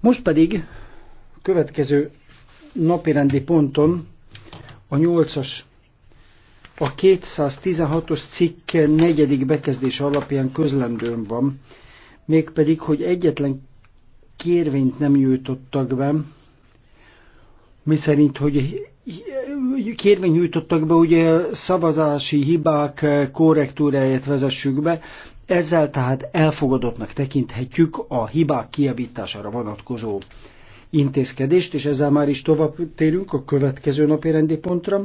Most pedig a következő napirendi ponton a 8-as, a 216-os cikk negyedik bekezdése alapján közlendőm van, mégpedig, hogy egyetlen kérvényt nem nyújtottak be, miszerint, hogy kérvény nyújtottak be, ugye szavazási hibák korrektúráját vezessük be, ezzel tehát elfogadottnak tekinthetjük a hibák kiabítására vonatkozó intézkedést, és ezzel már is tovább térünk a következő napi rendi pontra.